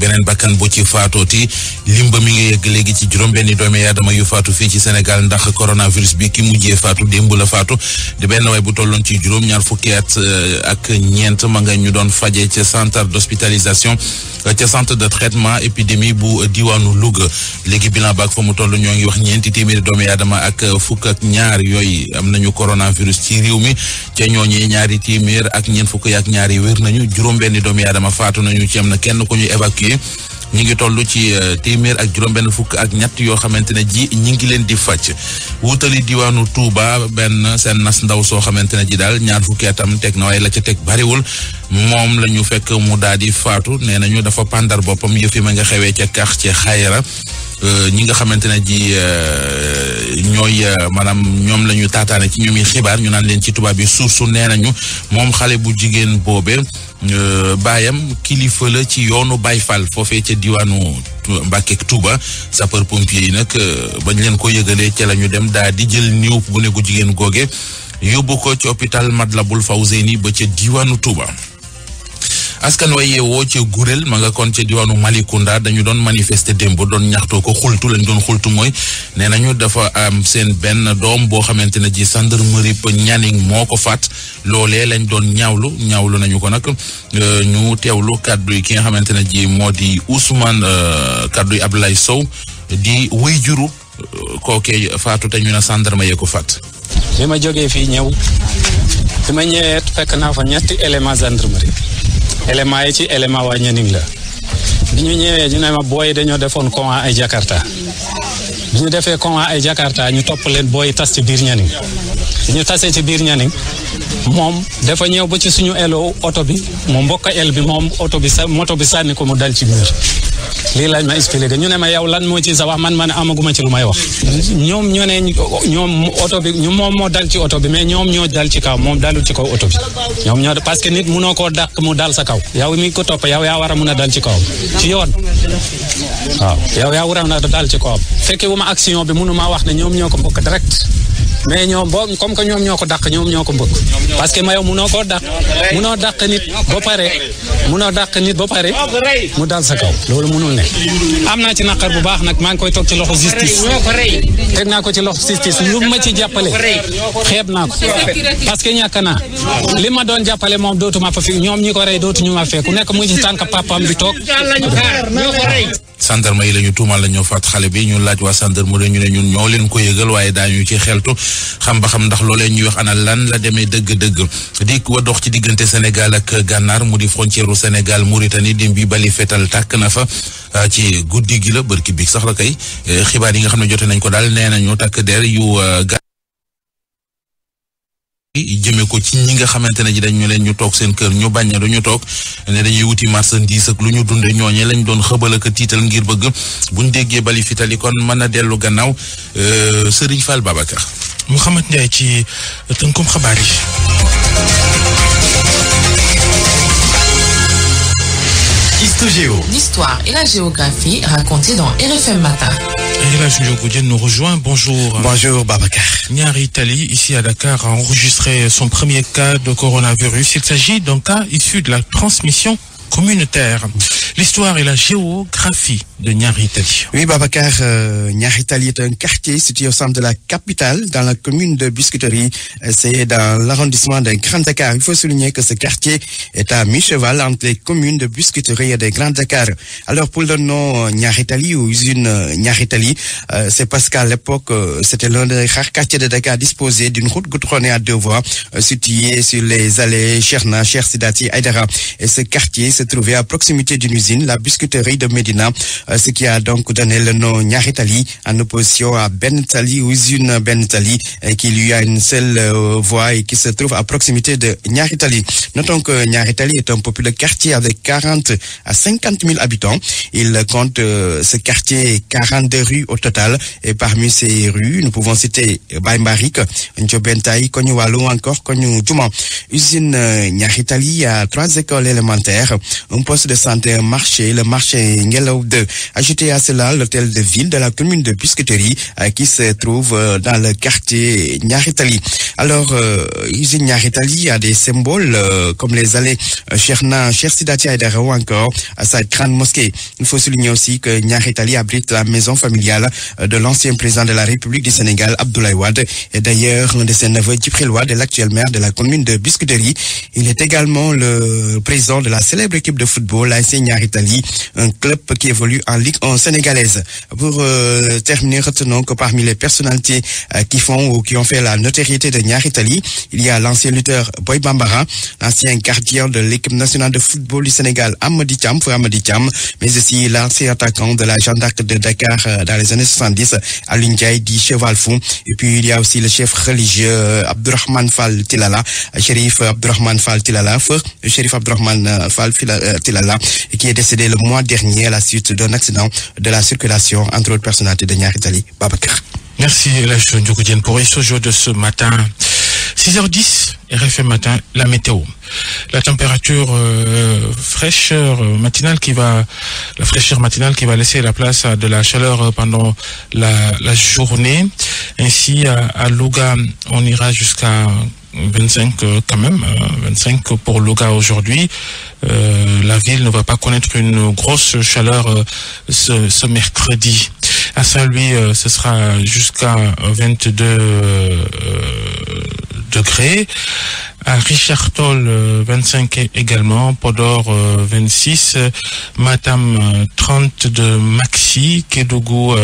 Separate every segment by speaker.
Speaker 1: beneen bakkan bu ci faatooti lim ba mi ngi yegg léegi ci juróom benni doomi aadama yu faatu fii ci Sénégal ndax coronavirus bi ki mujjee faatu démb la faatu di benn waay bu tolloon ci juróom ñaar fukki at euh, ak ñeent ma ñu doon faje ca centre d'hospitalisation euh, ca centre de traitement épidémie bu diwaanu Louga léegi bilan baak fa mu toll ñoo ngi wax ñeenti téeméeri doomi aadama ak euh, fukk ak ñaar yooyu am nañu coronavirus ci réew mi ca ñooñi ñaari téeméer ak ñeent fukk ak ñaar yi wér nañu juróom benni doomi aadama faatu nañu ci am na kenn ku ñu évacué yi ñi ngi toll ci euh, téeméer ak juróom-benn fukk ak ñett yoo xamante ne ji ñi ngi leen di fàcc wutali diwaanu tuuba benn seen nas ndaw soo xamante ne ji daal ñaar fukki tam teg na waaye la ca teg bariwul moom la ñu fekk mu daal di faatu nee nañu dafa pàndar boppam yëf ma nga xewee ca quartier Xayra Euh, ñi nga xamante ne ji euh, ñooy euh, maanaam ñoom lañu ñu taataane ci ñoom yi xibaar ñu naan leen ci tubaab yi suuf su nee nañu moom xale bu jigéen boobe baayam kilifa la ci yoonu bay Bayfal foofe ci diwaanu Mbàkke tuba Tuuba sapeur pompier yi nag bañ leen ko yëgalee ca la ñu dem daa di jël néew bu ne gu jigéen googe yóbbu ko ci hôpital Matlaboul Fawzeyni ba ca diwaanu Tuuba askan wa yeewoo ci gureel ma nga kon ca diwaanu Malicounda dañu doon manifester démb doon ñaxtoo ko xultu lañ doon xultu mooy nee nañu dafa am seen benn doom boo xamante ne ji gendarmerie ba ñaning moo ko faat loole lañ doon ñaawlu ñaawlu nañu ko nag euh, ñu teewlu kàddu yi ki nga xamante ne ji moo di Ousmane euh, kàddu yi Abdoulaye Sow di wéy juru euh, kookee faatu te ñu ne gendarme yee ko faat
Speaker 2: bi ma jógee fii ñëw bi ma ñëwee fekk naa fa ñetti élément gendarmerie élément yi ci élément waa Nianing la bi ñu ñëwee ñu ne ma booy dañoo defoon comment ay Jakarta bi ñu defee con ay Jakarta ñu topp leen booy tas ci biir Nianing bi ñu tasee ci biir Nianing moom dafa ñëw ba ci suñu elo oto bi mu mbokk el bi moom oto bi sa moto bi sànni ko mu dal ci biir lii lañ ma expliqué ñu ne ma yow lan moo ci sa wax man man amaguma ci lu may wax ñoom ñoo ne ñoom oto bi ñu moom moo dal ci oto bi mais ñoom ñoo dal ci kaw moom dalul ci kaw oto bi ñoom ñoo parce que nit munoo koo dàq mu dal sa kaw yow mi ko topp yow yaa war a mun a dal ci kaw ci yoon waaw yow yaa war a mun dal ci kawam fekke wu ma action bi mënu maa wax ne ñoom ñoo ko bokk direct mais ñoom boo comme que ñoom ñoo ko dàq ñoom ñoo ko mbëkk parce que mayo munoo koo dàq munoo dàq nit ba pare munoo dàq nit ba pare mu dal sa kaw loolu munul ne am naa ci naqar bu baax nag maa ngi koy toog ci loxo justice teg naa ko ci loxo justice lu ma ci jàppale xeeb naa ko parce que ñàkk naa li ma doon jàppale moom dootuma fa fi ñoom ñi ko rey dootuñu ma fekk ku nekk mu ngi ci tànk bi toog
Speaker 1: sandarma yi la ñu tuumal la ñoo faat xale bi ñu laaj waa sandarma ñu ne ñun ñoo leen ko yëgal waaye daañu ci xeltu xam ba xam ndax loolee ñuy wax ana lan la demee dëgg-dëgg di wa ci diggante Sénégal ak Gànnaar mu di frontière u Sénégal Mauritanie dem bi bali fetal tàkk na fa ah, ci guddi gi la bërki bi sax la kay eh, xibaar yi nga xam ne jote nañ ko daal nee nañu takk der yu ah, jëme ko ci ñi nga xamante ne ji dañu leen ñu toog seen kër ñu bañ na a duñu toog ne dañuy wuti marchandise ak lu ñu dunde ñooñe lañu doon xëbal ak tiital ngir bëgg buñ déggee bali fitali kon mën a dellu gannaaw euh, Serigne Fall mu
Speaker 3: Mouhamed Ndiaye ci tënkoom xabaar yi Histogéo.
Speaker 4: L'histoire et la géographie racontées dans RFM Matin.
Speaker 3: Et là, Julio Goudien nous rejoint. Bonjour. Bonjour, Babacar. Niar Italie, ici à Dakar, a enregistré son premier cas de coronavirus. Il s'agit d'un cas issu de la transmission communautaire. L'histoire et la géographie de Niaritalie.
Speaker 4: Oui, Babacar, euh, est un quartier situé au centre de la capitale, dans la commune de Biscuiterie. Euh, c'est dans l'arrondissement de Grand Dakar. Il faut souligner que ce quartier est à mi-cheval entre les communes de Biscuiterie et de Grand Dakar. Alors, pour le nom euh, Niaritalie ou usine euh, Niaritalie, c'est parce qu'à l'époque, c'était l'un des rares quartiers de Dakar disposé d'une route goudronnée à deux voies, située se trouvait à proximité d'une usine, la biscuiterie de Médina, euh, ce qui a donc donné le nom Niari en opposition à Ben Tally, usine Ben Tally, qui lui a une seule euh, voie et qui se trouve à proximité de Niari Tally. Notons que Niari Tally est un populaire quartier avec 40 à 50 000 habitants. Il compte euh, ce quartier rues au total et parmi ces rues, nous pouvons citer Baye Mbarick, Ndiobentaï, Kognou Walo encore Kognou Djouma. Usine euh, Niari a trois écoles élémentaires un poste de santé, un marché, le marché Ngelaw 2. Ajouté à cela l'hôtel de ville de la commune de Biscuiterie euh, qui se trouve euh, dans le quartier Niaritali. Alors, euh, usine Niaritali a des symboles comme les allées Cherna, Cher Sidati Aydara ou encore sa grande mosquée. Il faut souligner aussi que Niaritali abrite la maison familiale de l'ancien président de la République du Sénégal, Abdoulaye Wade, et d'ailleurs un de ses neveux, Djibril Wade, l'actuel maire de la commune de Biscuiterie. équipe de football ASC Niary Tally un club qui évolue en Ligue 1 sénégalaise pour euh, terminer retenons que parmi les personnalités euh, qui font ou qui ont fait la notoriété de Niary Tally il y a l'ancien lutteur Boy Bambara l'ancien gardien de l'équipe nationale de football du Sénégal Amady Thiam Feu mais aussi l'ancien attaquant de la Jeanne de Dakar euh, dans les années 70 Alioune dit Cheval Fou et puis il y a aussi le chef religieux euh, Abdourahmane Fall Tilala Chérif Abdourahmane Fall Euh, Tilala qui est décédé le mois dernier à la suite d'un accident de la circulation entre
Speaker 3: matin. 6h10 RFM matin la météo la température euh, fraîcheur matinale qui va laisser la place de la chaleur pendant la journée ainsi à, à on ira jusqu'à 25 euh, quand même, 25 euh, pour Louga aujourd'hui. Euh, la ville ne va pas connaître une grosse chaleur euh, ce, ce mercredi. À à Richard Toll euh, vingt cinq également Podor euh, vingt six euh, Matam trente de Maxi Kédougou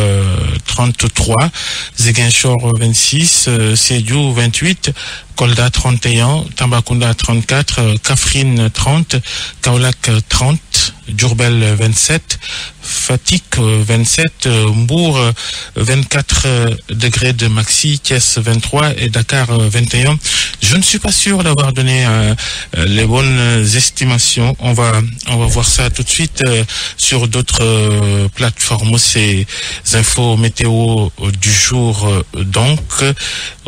Speaker 3: trente trois Ziguinchor vingt six sediou vingt huit Kolda 31 Tambacounda 34 Kaffrine 30 Kaolack 30 vingt 27 Fatick 27 euh, euh, Mbour 24 euh, degrés de maxi Thiès 23 et Dakar 21 je ne suis pas sûr d'avoir de suite sur d'autres plateformes ces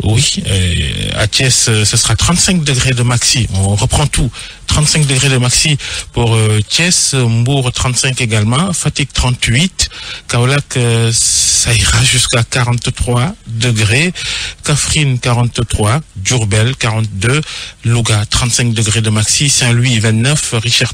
Speaker 3: Oui, euh, à Thiès, euh, ce sera de maxi. On reprend tout. 35 degrés de maxi pour euh, Thiès, Mbour 35 Fatick 38, Kaolack ça ira jusqu'à 43 degrés, Kaffrine 43, Diourbel 42, Louga 35 degrés de maxi, Saint-Louis 29, Richard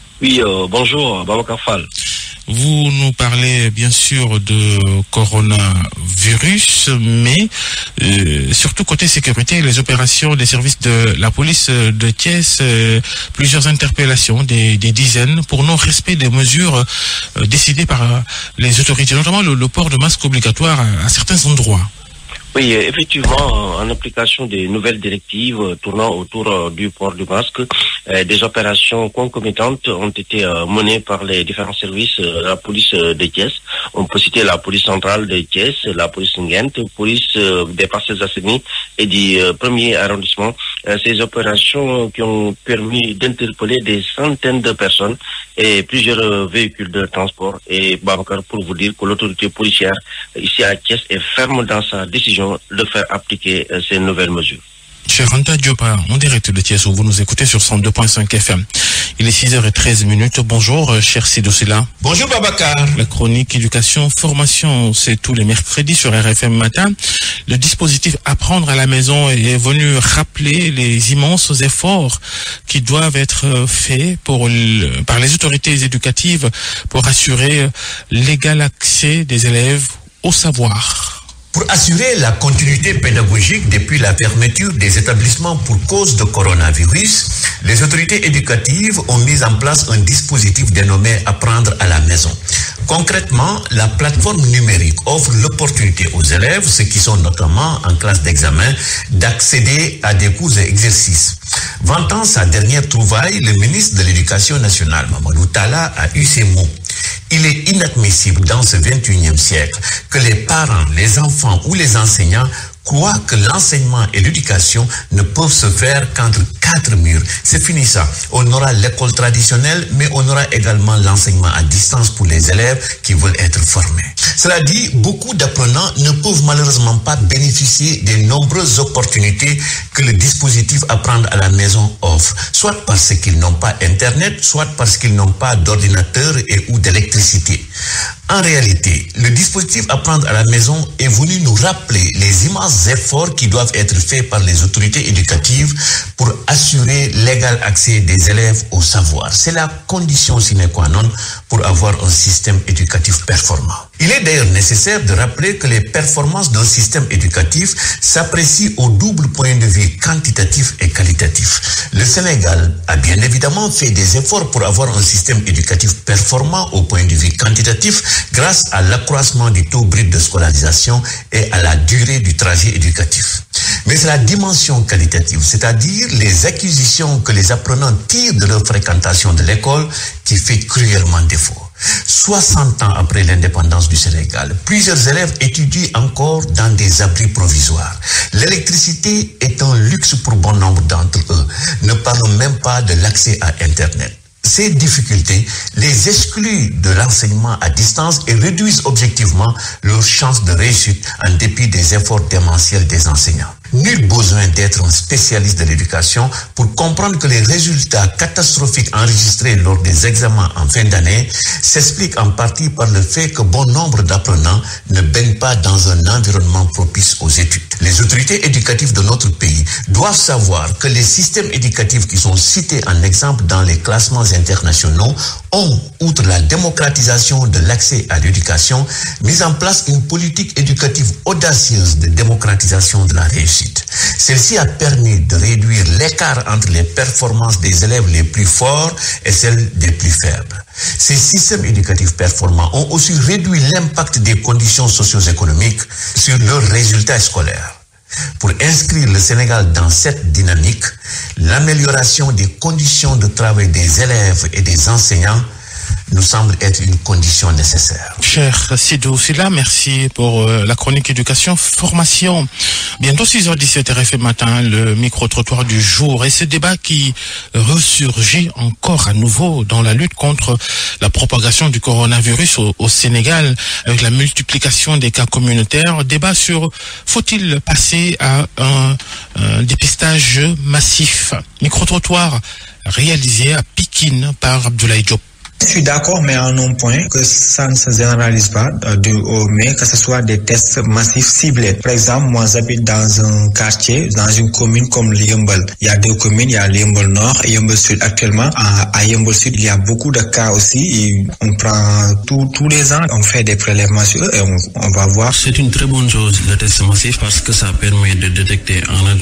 Speaker 1: Oui, euh, bonjour, Babacar Fall. Vous nous parlez
Speaker 3: bien sûr de coronavirus, mais euh, surtout côté sécurité, les opérations des services de la police euh, de Thiès, euh, plusieurs interpellations, des, des dizaines, pour non-respect des mesures euh, décidées par euh, les autorités, notamment le, le port de masque obligatoire à certains endroits.
Speaker 4: Oui, effectivement, en application des nouvelles directives euh, tournant autour euh, du port du masque, euh, des opérations concomitantes ont été menées par les différents services de la police de Thiès. On peut citer la police centrale de Thiès, la police Nguent, police des parcelles assainies et du premier arrondissement. Ces opérations qui ont permis d'interpeller des centaines de personnes et plusieurs véhicules de transport. Et Babacar, pour vous dire que l'autorité policière ici à Thiès est ferme dans sa décision de faire appliquer euh, ces nouvelles mesures.
Speaker 3: Cheikh Anta Diop, en direct de Thiès, vous nous écoutez sur FM. Il est 6h13 minutes. Bonjour, euh, cher Sido Silla. Bonjour, Babacar. La chronique éducation, formation, c'est tous les mercredis sur RFM Matin. Le dispositif Apprendre à la maison est venu rappeler les immenses efforts qui doivent être euh, faits par les autorités éducatives pour assurer euh, l'égal accès des élèves au savoir.
Speaker 5: Pour assurer la continuité pédagogique depuis la fermeture des établissements pour cause de coronavirus, les autorités éducatives ont mis en place un dispositif dénommé Apprendre à la maison. Concrètement, la plateforme numérique offre l'opportunité aux élèves, ceux qui sont notamment en classe d'examen, d'accéder à des cours et exercices. Vantant sa dernière trouvaille, le ministre de l'Éducation nationale, Mamadou Talla, a eu ces mots. Il est inadmissible dans ce 21e siècle que les parents, les enfants ou les enseignants croient que l'enseignement et l'éducation ne peuvent se faire qu'entre quatre murs. C'est fini ça. On aura l'école traditionnelle, mais on aura également l'enseignement à distance pour les élèves qui veulent être formés. Cela dit, beaucoup d'apprenants ne peuvent malheureusement pas bénéficier des nombreuses opportunités que le dispositif Apprendre à la maison offre, soit parce qu'ils n'ont pas Internet, soit parce qu'ils n'ont pas d'ordinateur et ou d'électricité. En réalité, le dispositif Apprendre à la maison est venu nous rappeler assurer l'égal accès des élèves au savoir. C'est la condition sine qua non pour avoir un système éducatif performant. Il est d'ailleurs nécessaire de rappeler que les performances d'un système éducatif s'apprécient au double point de vue quantitatif et qualitatif. Le Sénégal a bien évidemment fait des efforts pour avoir un système éducatif performant au point de vue quantitatif grâce à l'accroissement du taux brut de scolarisation et à la durée du trajet mais c'est la dimension qualitative, c'est-à-dire les acquisitions que les apprenants tirent de leur fréquentation de l'école qui fait cruellement défaut. 60 ans après l'indépendance du Sénégal, plusieurs élèves étudient encore dans des abris provisoires. L'électricité est un luxe pour bon nombre d'entre eux, ne parlons même pas de l'accès à Internet. Ces difficultés les excluent de l'enseignement à distance et réduisent objectivement leurs chances de réussite en des efforts démentiels des enseignants. Nul besoin d'être un spécialiste de l'éducation pour comprendre que les résultats catastrophiques enregistrés lors des examens en fin d'année s'expliquent en partie par le fait que bon nombre d'apprenants ne baignent pas dans un environnement propice aux études. Les autorités éducatives de notre pays doivent savoir que les systèmes éducatifs qui sont cités en exemple dans les classements internationaux ont, outre la démocratisation de l'accès à l'éducation, mis en place politique éducative audacieuse de démocratisation de la Celle-ci a permis de réduire l'écart entre les performances des élèves les plus forts et celles des plus faibles. Ces systèmes éducatifs performants ont aussi réduit l'impact des conditions socio-économiques sur leurs résultats scolaires. Pour inscrire le Sénégal dans cette dynamique, l'amélioration des conditions de travail des élèves et des enseignants nous semble être une condition nécessaire.
Speaker 1: Cher
Speaker 3: merci pour euh, la chronique éducation formation. Bientôt 6h17 RFM matin, le micro-trottoir du jour et ce débat qui ressurgit encore à nouveau dans la lutte contre la propagation du coronavirus au, Sénégal avec la multiplication des cas communautaires. Débat sur faut-il passer à un, un dépistage massif. micro réalisé à
Speaker 4: Pikine par Abdoulaye Diop. Je suis d'accord, mais en un point, que ça ne se généralise pas du haut, mais que ce soit des tests massifs ciblés. Par exemple, moi j'habite dans un quartier, dans une commune comme Yembel. Il y a deux communes, il y a Yembel Nord et Yembel Sud. Actuellement, à Yembel Sud, il y a beaucoup de cas aussi. on prend tous les ans, on fait des prélèvements sur on, va voir. C'est une très bonne
Speaker 5: chose, le test massif, parce que ça permet de détecter en un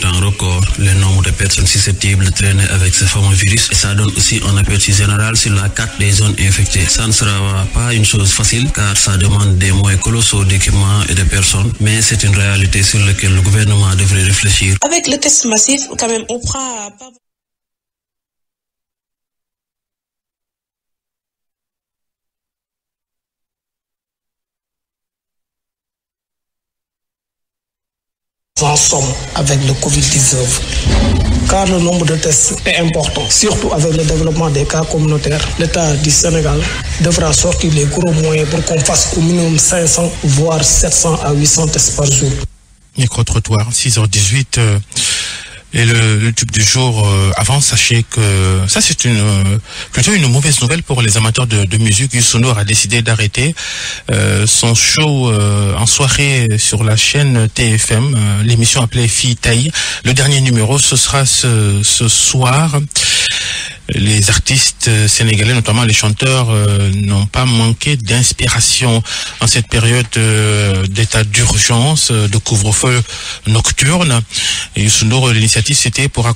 Speaker 5: personnes infectées. Ça ne sera pas une chose facile car ça demande des moyens colossaux d'équipements et de personnes, mais c'est une réalité sur laquelle le gouvernement devrait réfléchir. Avec le test massif,
Speaker 2: avec le covid car le nombre de tests est important, surtout avec le développement des cas communautaires. L'État du Sénégal devra sortir les gros moyens pour qu'on fasse au minimum 500, voire 700 à 800 tests
Speaker 3: Et le, le tube du jour, euh, avant, sachez que ça c'est une euh, plutôt une mauvaise nouvelle pour les amateurs de, de musique. Yusunor a décidé d'arrêter euh, son show euh, en soirée sur la chaîne TFM, euh, l'émission appelée Fille Taille. Le dernier numéro, ce sera ce, ce soir. les artistes euh, sénégalais, notamment les chanteurs, euh, n'ont pas manqué d'inspiration en cette période euh, d'état d'urgence, euh, de couvre-feu nocturne. Et Youssou Ndour, l'initiative, c'était pour